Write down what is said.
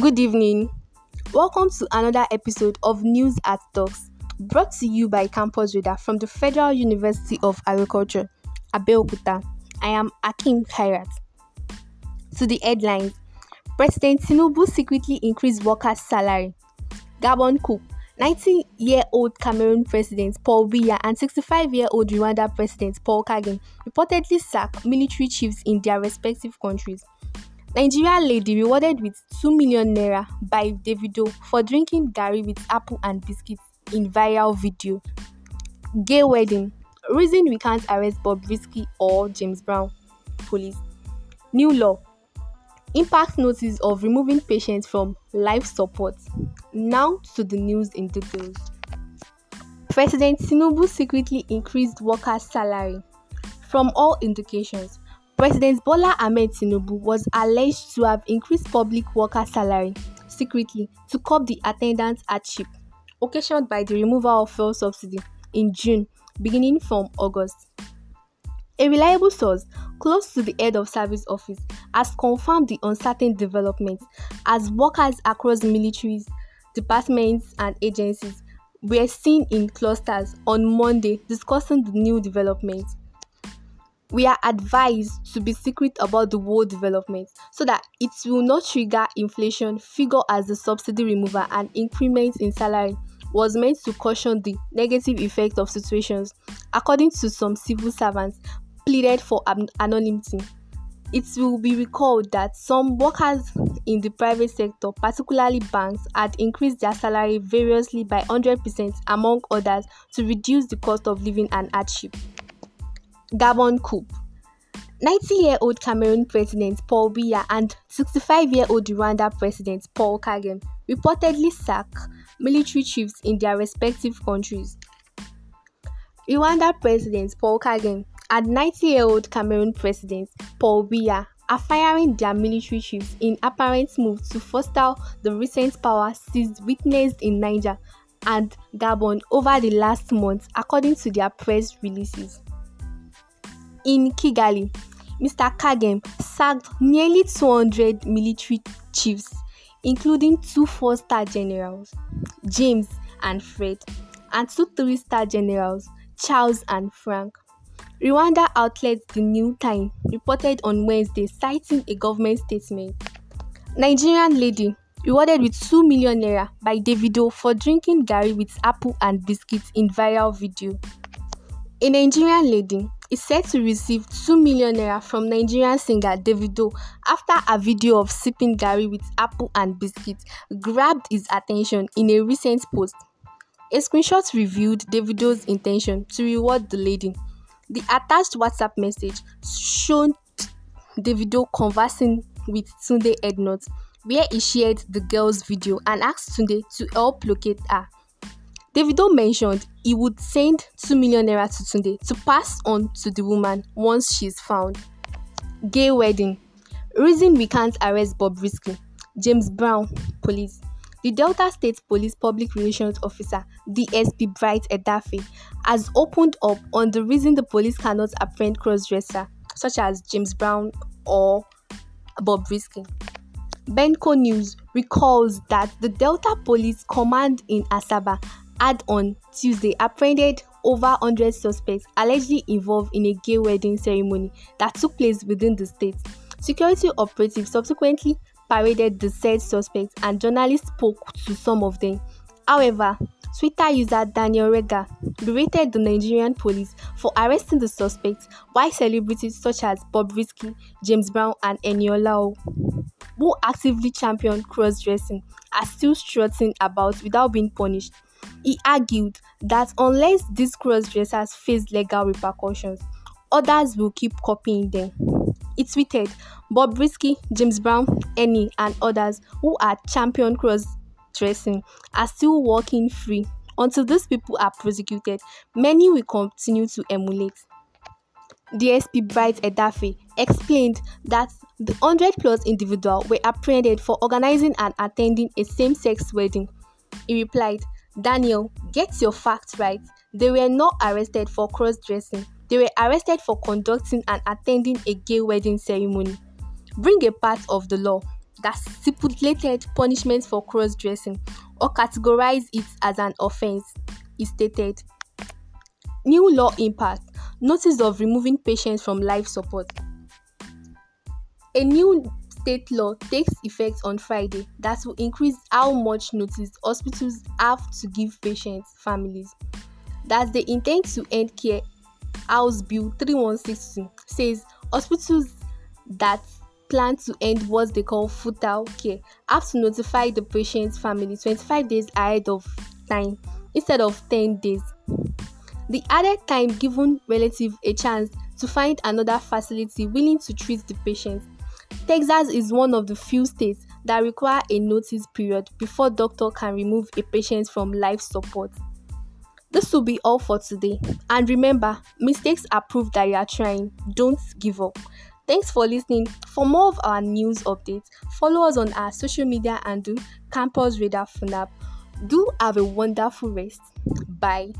Good evening. Welcome to another episode of News at Talks, brought to you by Campus Reader from the Federal University of Agriculture, Abeokuta. I am Akim Kairat. To the headlines President Tinubu secretly increased workers' salary. Gabon coup. 19 year old Cameroon President Paul Biya and 65 year old Rwanda President Paul Kagame reportedly sacked military chiefs in their respective countries. Nigeria lady rewarded with 2 million naira by Davido for drinking dairy with apple and biscuits in viral video. Gay wedding. Reason we can't arrest Bob Risky or James Brown. Police. New law. Impact notice of removing patients from life support. Now to the news in details. President Sinubu secretly increased workers' salary. From all indications, President Bola Ahmed Tinubu was alleged to have increased public worker salary secretly to curb the attendance at ship occasioned by the removal of fuel subsidy in June, beginning from August. A reliable source close to the head of service office has confirmed the uncertain development as workers across militaries, departments, and agencies were seen in clusters on Monday discussing the new developments we are advised to be secret about the war development so that it will not trigger inflation figure as the subsidy remover and increment in salary was meant to caution the negative effect of situations according to some civil servants pleaded for anonymity it will be recalled that some workers in the private sector particularly banks had increased their salary variously by 100% among others to reduce the cost of living and hardship Gabon coup. 90-year-old Cameroon President Paul Biya and 65-year-old Rwanda President Paul Kagame reportedly sack military chiefs in their respective countries. Rwanda President Paul Kagame and 90-year-old Cameroon President Paul Biya are firing their military chiefs in apparent move to foster the recent power seized witnessed in Niger and Gabon over the last month, according to their press releases in Kigali. Mr. Kagame sacked nearly 200 military chiefs, including two four star generals, James and Fred, and two three star generals, Charles and Frank. Rwanda outlet The New Time reported on Wednesday, citing a government statement. Nigerian lady rewarded with 2 million naira by Davido for drinking Gary with apple and biscuits in viral video. A Nigerian lady is said to receive 2 million naira from Nigerian singer Davido after a video of sipping gari with apple and biscuit grabbed his attention in a recent post. A screenshot revealed Davido's intention to reward the lady. The attached WhatsApp message showed Davido conversing with Tunde Ednot, where he shared the girl's video and asked Tunde to help locate her. Davido mentioned he would send 2 million naira to Tunde to pass on to the woman once she's found. Gay wedding. Reason we can't arrest Bob Risky. James Brown, police. The Delta State Police Public Relations Officer, DSP Bright Edafi has opened up on the reason the police cannot apprehend crossdresser such as James Brown or Bob Risky. Benko News recalls that the Delta Police Command in Asaba had on Tuesday apprehended over 100 suspects allegedly involved in a gay wedding ceremony that took place within the state. Security operatives subsequently paraded the said suspects and journalists spoke to some of them. However, Twitter user Daniel Rega berated the Nigerian police for arresting the suspects, while celebrities such as Bob Risky, James Brown, and Eniola, who actively championed cross dressing, are still strutting about without being punished. He argued that unless these crossdressers face legal repercussions, others will keep copying them. He tweeted, Bob Risky, James Brown, Annie, and others who are champion cross dressing are still walking free. Until these people are prosecuted, many will continue to emulate. DSP Bright Edafe explained that the 100 plus individuals were apprehended for organizing and attending a same sex wedding. He replied, Daniel, get your facts right. They were not arrested for cross dressing, they were arrested for conducting and attending a gay wedding ceremony. Bring a part of the law that stipulated punishment for cross dressing or categorize it as an offense, He stated. New law impact notice of removing patients from life support. A new state law takes effect on Friday that will increase how much notice hospitals have to give patients' families That's the intent to end care. House Bill 3162 says hospitals that plan to end what they call futile care have to notify the patient's family 25 days ahead of time instead of 10 days. The added time given relative a chance to find another facility willing to treat the patient Texas is one of the few states that require a notice period before doctor can remove a patient from life support. This will be all for today. And remember, mistakes are proof that you are trying. Don't give up. Thanks for listening. For more of our news updates, follow us on our social media and do Campus Radar Funab. Do have a wonderful rest. Bye.